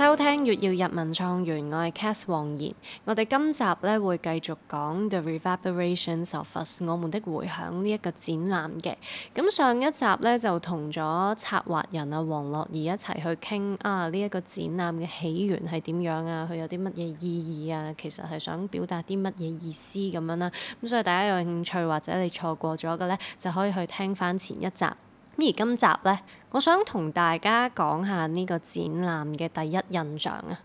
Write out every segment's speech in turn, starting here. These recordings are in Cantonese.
收聽粵耀入文創園，我係 Cath 黃妍。我哋今集咧會繼續講 The Reverberations of Us 我們的迴響呢一個展覽嘅。咁上一集咧就同咗策劃人樂啊王樂儀一齊去傾啊呢一個展覽嘅起源係點樣啊？佢有啲乜嘢意義啊？其實係想表達啲乜嘢意思咁樣啦。咁所以大家有興趣或者你錯過咗嘅咧，就可以去聽翻前一集。咁而今集咧，我想同大家講下呢個展覽嘅第一印象啊！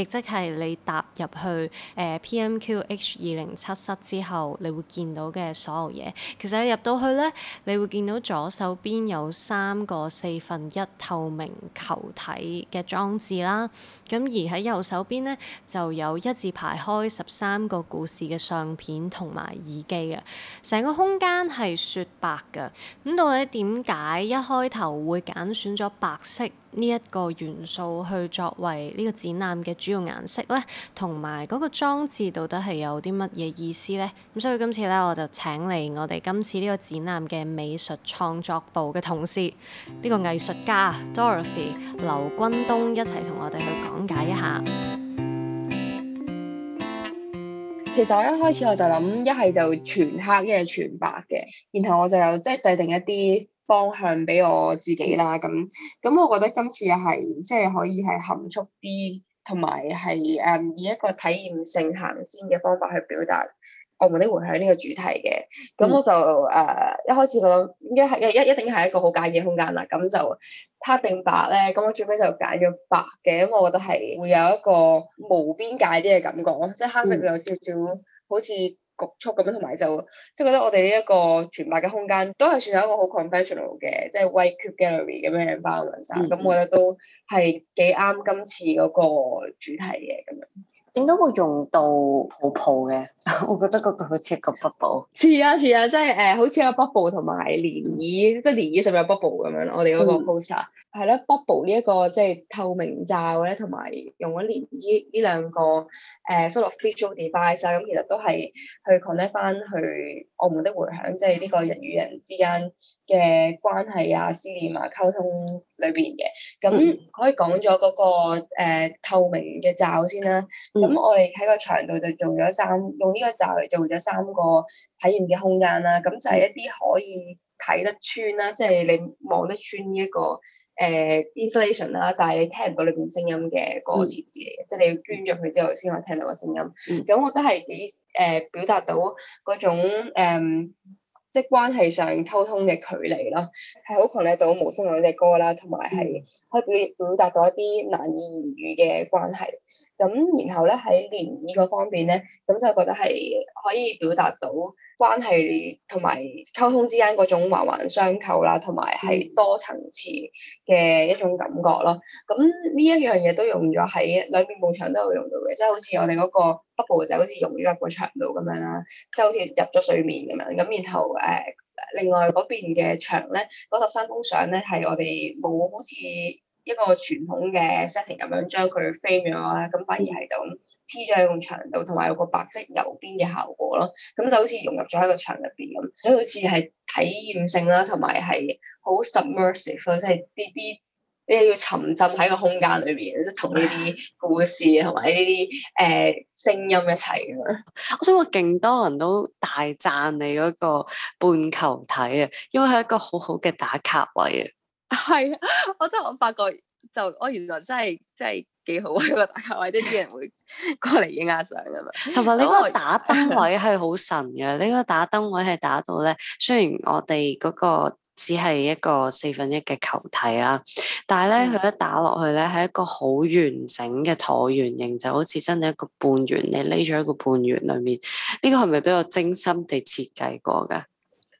亦即係你踏入去誒、呃、PMQ H 二零七室之後，你會見到嘅所有嘢。其實你入到去咧，你會見到左手邊有三個四分一透明球體嘅裝置啦。咁而喺右手邊咧，就有一字排開十三個故事嘅相片同埋耳機嘅。成個空間係雪白㗎。咁到底點解一開頭會揀選咗白色？呢一個元素去作為呢個展覽嘅主要顏色呢，同埋嗰個裝置到底係有啲乜嘢意思呢？咁所以今次呢，我就請嚟我哋今次呢個展覽嘅美術創作部嘅同事，呢個藝術家 Dorothy 劉君冬一齊同我哋去講解一下。其實我一開始我就諗一係就全黑嘅，一係全白嘅，然後我就有即係制定一啲方向俾我自己啦，咁咁我覺得今次係即係可以係含蓄啲，同埋係誒以一個體驗性行先嘅方法去表達我們的迴響呢個主題嘅。咁、嗯、我就誒、uh, 一開始我諗，應該係一一,一,一定係一個好簡易嘅空間啦。咁就黑定白咧，咁我最尾就揀咗白嘅，因為我覺得係會有一個無邊界啲嘅感覺咯，即係黑色有少少、嗯、好似。局促咁樣，同埋就即係覺得我哋呢一個全白嘅空間都係算係一個好 conventional 嘅，即係 white cube gallery 咁樣嘅方案咋。咁、啊、我覺得都係幾啱今次嗰個主題嘅咁樣。點解會用到泡泡嘅？ 我覺得嗰個好似一個 bubble。似啊似啊，即係誒，好似有 bubble 同埋漣漪，嗯、即係漣漪上面有 bubble 咁樣我哋嗰個 poster。嗯係啦，bubble 呢、這、一個即係、就是、透明罩咧，同埋用咗連呢呢兩個誒、uh,，sort of visual device 咁、啊、其實都係去 connect 翻去我們的迴響，即係呢個人與人之間嘅關係啊、思念啊、溝通裏邊嘅。咁、嗯、可以講咗嗰個、uh, 透明嘅罩先啦。咁、嗯、我哋喺個場度就做咗三，用呢個罩嚟做咗三個體驗嘅空間啦。咁就係一啲可以睇得穿啦，即、就、係、是、你望得穿呢一個。誒、uh, installation 啦，但係你聽唔到裏邊聲音嘅歌詞字嘅，嗯、即係你要捐咗佢之後先可以聽到個聲音。咁、嗯、我覺得係幾誒表達到嗰種、um, 即係關係上溝通嘅距離啦，係好強烈到無聲浪嘅歌啦，同埋係可以表達到一啲難以言語嘅關係。咁然後咧喺聯意嗰方面咧，咁就覺得係可以表達到。關係同埋溝通之間嗰種環環相扣啦，同埋係多層次嘅一種感覺咯。咁呢一樣嘢都用咗喺兩面牆都有用到嘅，即係好似我哋嗰個北部就好似融咗入個牆度咁樣啦，即係好似入咗水面咁樣。咁然後誒、呃，另外嗰邊嘅牆咧，嗰十三公像咧係我哋冇好似一個傳統嘅 setting 咁樣將佢 frame 咗啦，咁反而係就，黐咗喺個牆度，同埋有個白色油邊嘅效果咯。咁就好似融入咗喺個牆入邊咁，所以好似係體驗性啦，同埋係好 submersive，即係啲啲你要沉浸喺個空間裏邊，即同呢啲故事同埋呢啲誒聲音一齊。我想話勁多人都大讚你嗰個半球體啊，因為係一個好好嘅打卡位啊。係啊， 我真係我發覺就我原來真係真係。幾好啊！因為打卡位呢啲人會過嚟影下相噶嘛。同埋呢個打燈位係好神嘅，呢 個打燈位係打到咧。雖然我哋嗰個只係一個四分一嘅球體啦，但係咧佢一打落去咧係一個好完整嘅橢圓形，就好似真係一個半圓，你匿咗一個半圓裡面。呢、呢個係咪都有精心地設計過㗎？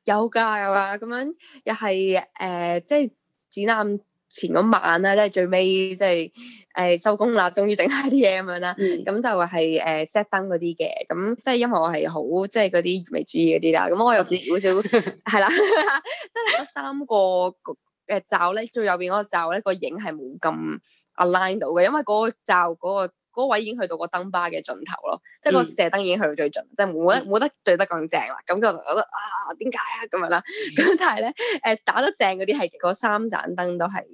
有㗎有㗎，咁樣又係誒，即係展覽。呃就是前嗰晚啦，即係最尾、就是，即係誒收工啦，終於整下啲嘢咁樣啦。咁、嗯、就係、是、誒、呃、set 燈嗰啲嘅，咁即係因為我係好即係嗰啲完美主義嗰啲 是啦。咁我又少少係啦，即係嗰三個嘅罩咧，最右邊嗰個罩咧、個影係冇咁 align 到嘅，因為嗰個罩嗰、個。嗰位已經去到個燈巴嘅盡頭咯，即係個射燈已經去到最盡，嗯、即係冇得冇、嗯、得對得咁正啦。咁就覺得啊，點解啊咁樣啦？咁但係咧，誒、呃、打得正嗰啲係嗰三盞燈都係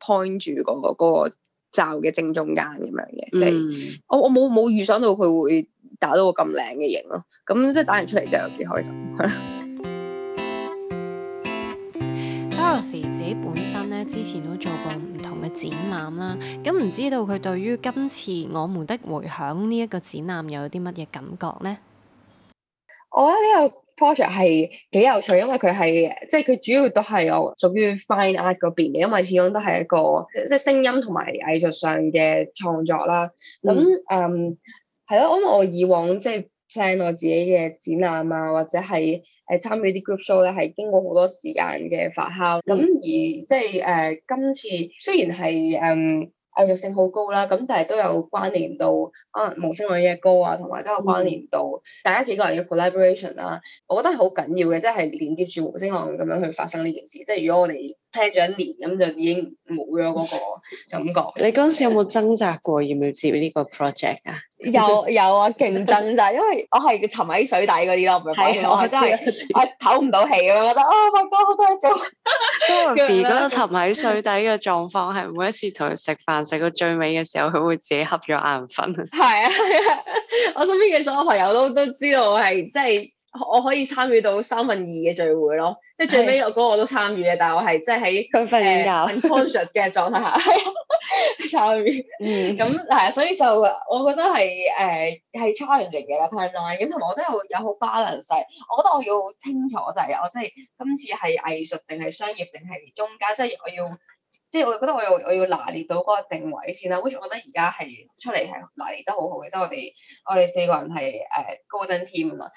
point 住、嗰個嗰、嗰個罩嘅正中間咁樣嘅。即係、嗯、我我冇冇預想到佢會打到個咁靚嘅型咯。咁即係打完出嚟就有幾開心。呵呵本身咧，之前都做過唔同嘅展覽啦，咁唔知道佢對於今次我們的迴響呢一個展覽，又有啲乜嘢感覺咧？我覺得呢個 project 係幾有趣，因為佢係即係佢主要都係我屬於 fine art 嗰邊嘅，因為始終都係一個即係聲音同埋藝術上嘅創作啦。咁嗯，係咯，因、um, 我，我以往即係。plan 我自己嘅展覽啊，或者係誒參與啲 group show 咧，係經過好多時間嘅發酵。咁、嗯、而即係誒、呃、今次雖然係誒藝術性好高啦，咁但係都有關聯到啊無聲浪嘅歌啊，同埋都有關聯到、嗯、大家幾個人嘅 collaboration 啦、啊。我覺得好緊要嘅，即係連接住無聲浪咁樣去發生呢件事。即係如果我哋聽咗一年，咁就已經冇咗嗰個感覺。 你嗰陣時有冇掙扎過，要唔要接呢個 project 啊？ 有有啊，勁掙扎，因為我係沉喺水底嗰啲咯，明，我真係我唞唔到氣咁樣，覺得啊，我真係好、 oh、多做。Dorothy 嗰個沉喺水底嘅狀況，係每一次同佢食飯食到最尾嘅時候，佢會自己恰咗眼瞓。係啊係啊，我身邊嘅所有朋友都都知道係即係。我可以參與到三分二嘅聚會咯，即係最尾我嗰個我都參與嘅，的但係我係即係喺佢瞓覺、呃、unconscious 嘅狀態下 參與。咁係啊，所以就我覺得係誒係 challenging 嘅 timeline，咁同埋我都係會有好 balance。我覺得我要好清楚就係、是、我即係今次係藝術定係商業定係中間，即、就、係、是、我要。即係我覺得我要我要拿捏到嗰個定位先啦，啊，which 我覺得而家係出嚟係拿捏得好好嘅，即係我哋我哋四個人係誒高登 team 啊嘛、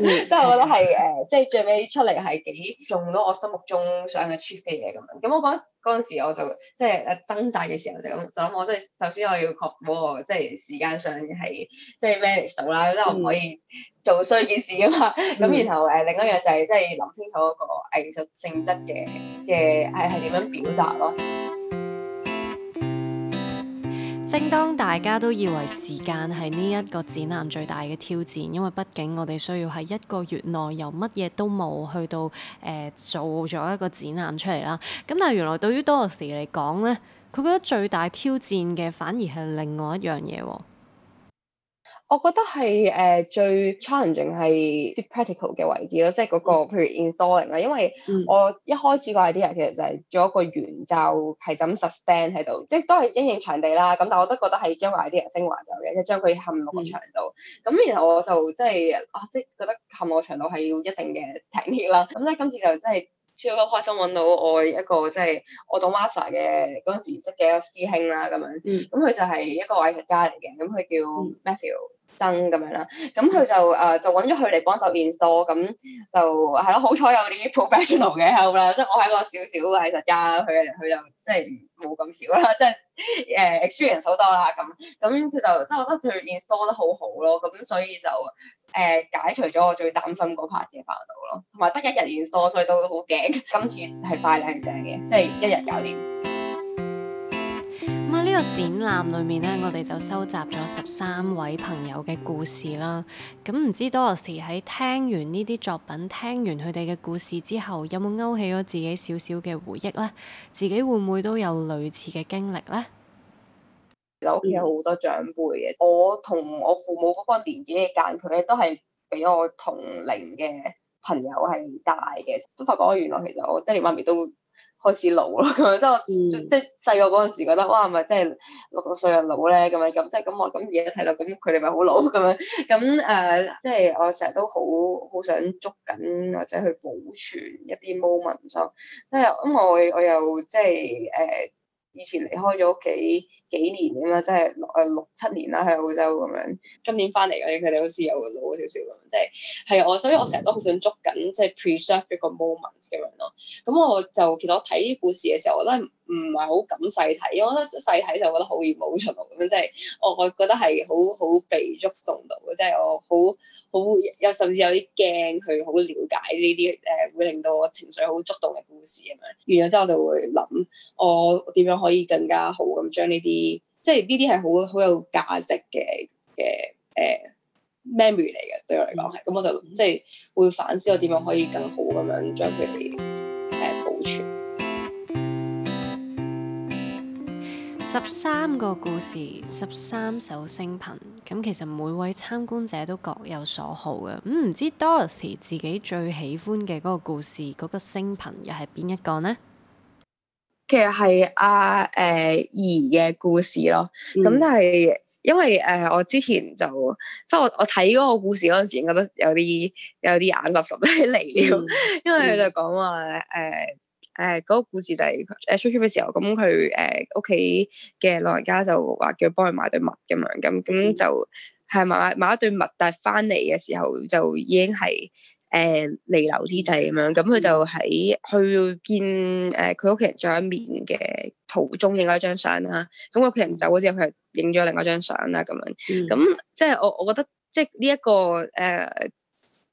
嗯， 即係我覺得係誒，uh, 即係最尾出嚟係幾中到我心目中想嘅 truth 嘅嘢咁樣。咁我講嗰陣時我就即係誒掙扎嘅時候就諗就諗我即係首先我要確保即係時間上係即係 manage 到啦，即係唔可以。做衰件事啊嘛，咁、嗯、然後誒、呃、另一樣就係、是、即係諗清楚個藝術性質嘅嘅係係點樣表達咯。正當大家都以為時間係呢一個展覽最大嘅挑戰，因為畢竟我哋需要喺一個月內由乜嘢都冇去到誒、呃、做咗一個展覽出嚟啦。咁但係原來對於 Dorothy 嚟講呢，佢覺得最大挑戰嘅反而係另外一樣嘢喎。我覺得係誒、呃、最 challenging 係啲 practical 嘅位置咯，即係嗰、那個譬、嗯、如 installing 啦，因為我一開始個 idea 其實就係做一個圓罩係咁 suspend 喺度，即係都係因應場地啦。咁但我都覺得係將 idea 升華咗嘅，即係將佢嵌落個牆度。咁、嗯、然後我就即係啊，即係覺得嵌落個牆度係要一定嘅 technique 啦。咁咧今次就真係超級開心揾到我一個即係我讀 master 嘅嗰陣時認識嘅一個師兄啦，咁樣。咁佢、嗯、就係一個藝術家嚟嘅，咁佢叫 Matthew。爭咁樣啦，咁佢就誒、呃、就揾咗佢嚟幫手 install，咁就係咯，好彩有啲 professional 嘅 help 啦，即係我係一個少少嘅藝術家，佢佢就即係冇咁少啦，即係誒 experience 人手多啦，咁咁佢就即係覺得佢 install 得好好咯，咁所以就誒、呃、解除咗我最擔心嗰 part 嘅煩惱咯，同埋得一日 install，所以都好驚，今次係快靚正嘅，即係一日搞掂。喺呢、嗯、個展覽裏面咧，我哋就收集咗十三位朋友嘅故事啦。咁、嗯、唔知 Dorothy 喺聽完呢啲作品，聽完佢哋嘅故事之後，有冇勾起咗自己少少嘅回憶呢？自己會唔會都有類似嘅經歷呢？我屋企有好多長輩嘅，我同我父母嗰個年紀嘅間佢咧，都係比我同齡嘅朋友係大嘅，都發覺原來其實我爹哋媽咪都開始老咯，咁樣即係我、嗯、即係細個嗰陣時覺得，哇，咪即係六十歲又老咧，咁樣咁即係咁我咁嘢睇到，咁佢哋咪好老咁樣，咁誒即係我成日都好好想捉緊或者去保存一啲 moment 咯，即係因為我，我又即係誒。呃以前離開咗屋企幾年啊嘛，即係六誒六七年啦，喺澳洲咁樣。今年翻嚟，佢哋好似又老咗少少咁。即係係我，所以我成日都好想捉緊，即係 preserve 一個 moment 咁樣咯。咁我就其實我睇啲故事嘅時候，我都係。唔係好敢細睇，因為我覺得細睇就覺得好易冇出來咁樣，即係我我覺得係好好被觸動到嘅，即係我好好有甚至有啲驚去好了解呢啲誒會令到我情緒好觸動嘅故事咁樣。完咗之後我就會諗，我點樣可以更加好咁將呢啲，即係呢啲係好好有價值嘅嘅誒 memory 嚟嘅，對我嚟講係。咁我就即係會反思我點樣可以更好咁樣將佢哋。十三個故事，十三首聲頻，咁其實每位參觀者都各有所好嘅。咁、嗯、唔知 Dorothy 自己最喜歡嘅嗰個故事，嗰、那個聲頻又係邊一個呢？其實係阿誒怡嘅故事咯。咁、嗯、就係因為誒、呃，我之前就即係我我睇嗰個故事嗰陣時，覺得有啲有啲眼濕咁都嚟了，因為佢就講話誒。呃誒嗰、呃那個故事就係誒出出嘅時候，咁佢誒屋企嘅老人家就話叫佢幫佢買對襪咁樣，咁咁就係、嗯、買買一對襪。但係翻嚟嘅時候就已經係誒、呃、彌留之際咁樣。咁佢就喺去見誒佢屋企人最後一面嘅途中影咗一張相啦。咁屋企人走咗之後，佢影咗另外一張相啦咁樣。咁、嗯嗯嗯、即係我我覺得即係呢一個誒，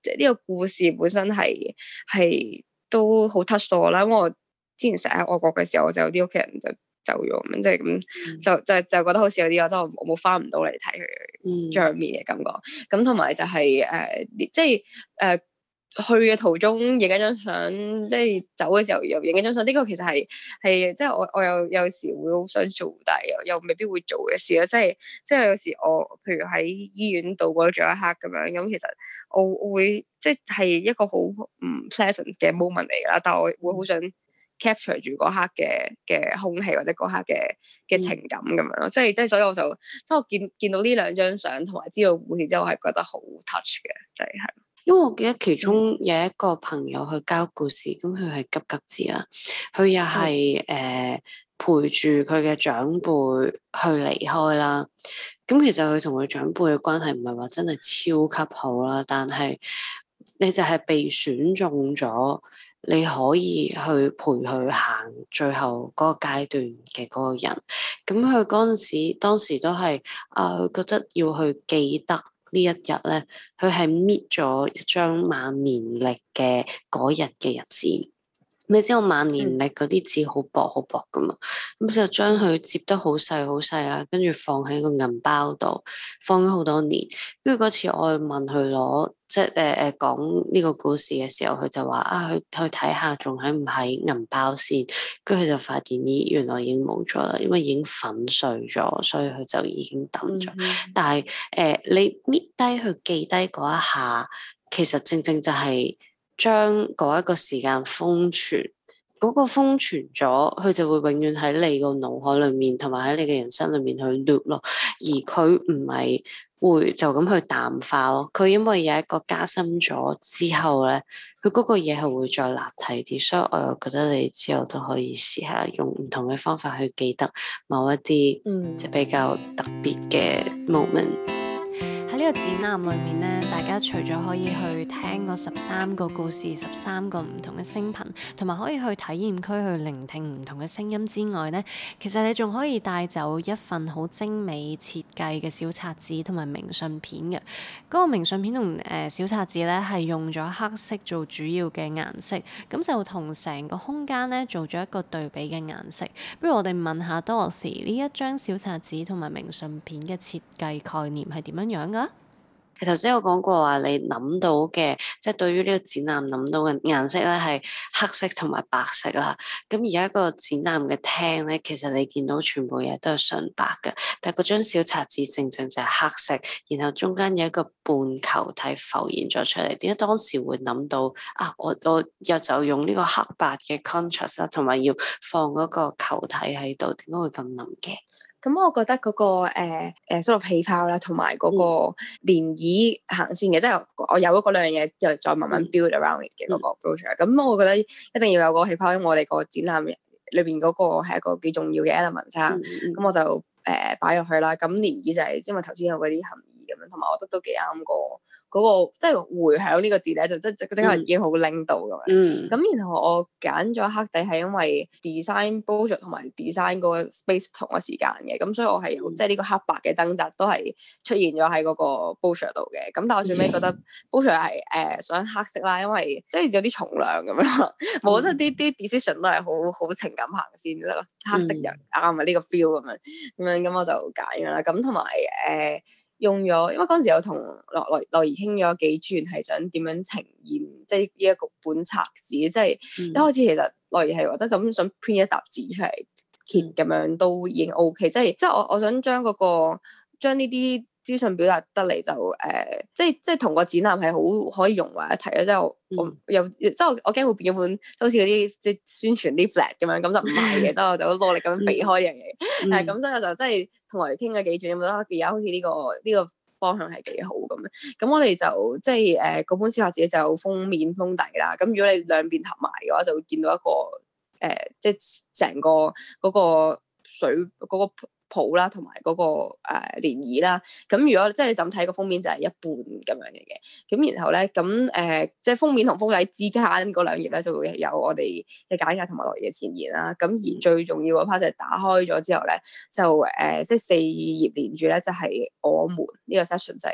即係、這、呢、個呃、個故事本身係係。都好 touch 到我啦，因為我之前成日喺外國嘅時候，我就有啲屋企人就走咗咁，即係咁就、就就，就覺得好似有啲我真係冇翻唔到嚟睇佢張面嘅感覺。咁同埋就係、係、誒，即係誒。就係呃去嘅途中影一張相，即係走嘅時候又影一張相，呢、這個其實係係即係我我有有時會好想做，但又又未必會做嘅事咯。即係即係有時我譬如喺醫院度過咗最後一刻咁樣，咁其實我會我會即係一個好唔 pleasant 嘅 moment 嚟啦。但係我會好想 capture 住嗰刻嘅嘅空氣或者嗰刻嘅嘅情感咁樣咯、嗯。即係即係所以我就即係我見見到呢兩張相同埋知道故事之後，我係覺得好 touch 嘅，就係。因為我記得其中有一個朋友去交故事，咁佢係急急字啦，佢又係誒陪住佢嘅長輩去離開啦。咁其實佢同佢長輩嘅關係唔係話真係超級好啦，但係你就係被選中咗，你可以去陪佢行最後嗰個階段嘅嗰個人。咁佢嗰陣時，當時都係啊佢覺得要去記得。呢一日咧，佢係搣咗一張萬年曆嘅嗰日嘅日子。你知我萬年曆嗰啲紙好薄好薄噶嘛？咁、嗯嗯、就將佢摺得好細好細啦，跟住放喺個銀包度，放咗好多年。跟住嗰次我去問佢攞，即係誒誒講呢個故事嘅時候，佢就話啊，去去睇下仲喺唔喺銀包先。跟住佢就發現咦，原來已經冇咗啦，因為已經粉碎咗，所以佢就已經抌咗。嗯嗯但係誒、呃、你搣低佢記低嗰一下，其實正正正就係、是。將嗰一個時間封存，嗰個封存咗，佢就會永遠喺你個腦海裡面，同埋喺你嘅人生裡面去 loop 咯。而佢唔係會就咁去淡化咯，佢因為有一個加深咗之後咧，佢嗰個嘢係會再立體啲，所以我又覺得你之後都可以試下用唔同嘅方法去記得某一啲即係比較特別嘅 moment。嗯呢個展覽裏面呢，大家除咗可以去聽個十三個故事、十三個唔同嘅聲頻，同埋可以去體驗區去聆聽唔同嘅聲音之外呢，其實你仲可以帶走一份好精美設計嘅小冊子同埋明信片嘅。嗰、那個明信片同誒、呃、小冊子呢，係用咗黑色做主要嘅顏色，咁就同成個空間呢做咗一個對比嘅顏色。不如我哋問下 Dorothy，呢一張小冊子同埋明信片嘅設計概念係點樣樣噶？頭先我講過話，你諗到嘅即係對於呢個展覽諗到嘅顏色咧，係黑色同埋白色啦。咁而家個展覽嘅廳咧，其實你見到全部嘢都係純白嘅，但係嗰張小冊子正正就係黑色，然後中間有一個半球體浮現咗出嚟。點解當時會諗到啊？我我又就用呢個黑白嘅 contrast 啦，同埋要放嗰個球體喺度，點解會咁諗嘅？咁、嗯嗯、我覺得嗰、那個誒收入氣泡啦，同埋嗰個漣漪行線嘅，即係我有咗嗰兩樣嘢之後，再慢慢 build around 嘅嗰、嗯、個 approach。咁、嗯、我覺得一定要有個氣泡，因為我哋個展覽裏邊嗰個係一個幾重要嘅 element 啦、嗯。咁、嗯、我就誒擺落去啦。咁漣漪就係因為頭先有嗰啲含義咁樣，同埋我覺得都幾啱個。嗰、那個即係迴響呢個字咧，就即係即係即刻已經好拎到咁樣。咁、嗯、然後我揀咗黑底係因為 design budget 同埋 design 嗰個 space 同一個時間嘅。咁所以我係、嗯、即係呢個黑白嘅掙扎都係出現咗喺嗰個 poster 度嘅。咁但係我最尾覺得 poster 係、呃、想黑色啦，因為即係有啲重量咁樣。嗯、 我覺得啲啲 decision 都係好好情感行先咯。黑色又啱啊，呢、嗯呢個 feel 咁樣咁樣咁我就揀啦。咁同埋誒。呃呃用咗，因為嗰陣時我同樂樂樂儀傾咗幾轉，係想點樣呈現，即係呢一個本冊子，即係一開始其實樂儀係覺得就咁想 print 一沓紙出嚟，揭咁、嗯、樣都已經 O、OK, K，即係即係我我想將嗰、嗰個將呢啲。資訊表達得嚟就誒、呃，即係即係同個展覽係好可以融為一體啊！即係我我有，即係我我驚會變咗本，好似嗰啲即係宣傳啲 flat 咁樣，咁就唔係嘅。即係我就努力咁避開呢樣嘢。係咁，所以我就真係同我哋傾咗幾轉，咁覺得而家好似呢、呢個呢、呢個方向係幾好咁樣。咁我哋就即係誒個本書畫紙就封面封底啦。咁如果你兩邊合埋嘅話，就會見到一個誒、呃，即係成個嗰個水嗰、嗰個譜啦，同埋嗰個誒、呃、漣漪啦，咁、啊、如果即係你就睇、是、個封面就係一半咁樣嘅，咁然後咧，咁誒即係封面同封底之間嗰兩頁咧就會有我哋嘅簡介同埋我哋嘅前言啦，咁、啊、而最重要嘅 part 就係打開咗之後咧就誒即係四頁連住咧就係、是、我們呢、這個 session 就係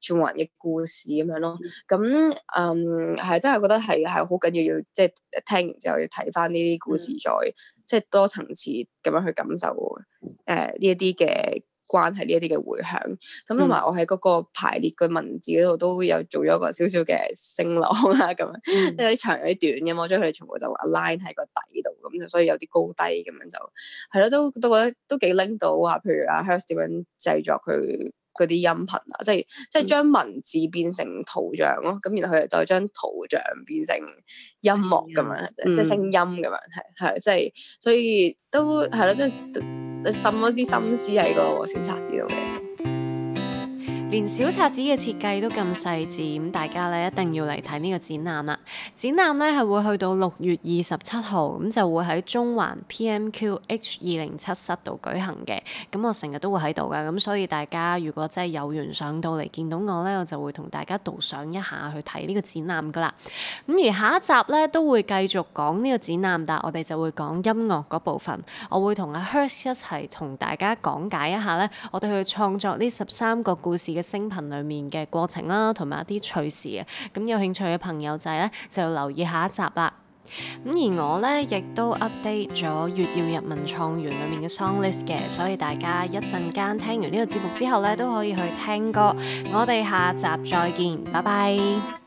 全環嘅故事咁樣咯，咁嗯係、嗯、真係覺得係係好緊要要即係、就是、聽完之後要睇翻呢啲故事再，嗯即係多層次咁樣去感受誒呢一啲嘅關係，呢一啲嘅迴響。咁同埋我喺嗰個排列嘅文字嗰度都有做咗個少少嘅聲浪啦，咁樣即係啲長有啲短嘅嘛，我將佢哋全部就 align 喺個底度咁，就所以有啲高低咁樣就係咯，都都覺得都幾 link 到啊！譬如阿 hirsk 點樣製作佢。嗰啲音頻啊，即係即係將文字變成圖像咯，咁、嗯、然後佢哋就將圖像變成音樂咁樣、嗯，即係聲音咁樣，係係即係，所以都係咯，即係你滲咗啲心思喺、那個印刷紙度嘅。連小冊子嘅設計都咁細緻，咁大家咧一定要嚟睇呢個展覽啦！展覽呢係會去到六月二十七號，咁就會喺中環 PMQ H207 室度舉行嘅。咁我成日都會喺度噶，咁所以大家如果真係有緣上到嚟見到我呢，我就會同大家導賞一下去睇呢個展覽噶啦。咁而下一集呢，都會繼續講呢個展覽，但我哋就會講音樂嗰部分。我會同阿 hirsk 一齊同大家講解一下呢，我哋去創作呢十三個故事嘅，聲頻裏面嘅過程啦，同埋一啲趣事嘅，咁有興趣嘅朋友就咧就要留意下一集啦。咁而我咧亦都 update 咗月曜日文創園裏面嘅 song list 嘅，所以大家一陣間聽完呢個節目之後咧都可以去聽歌。我哋下集再見，拜拜。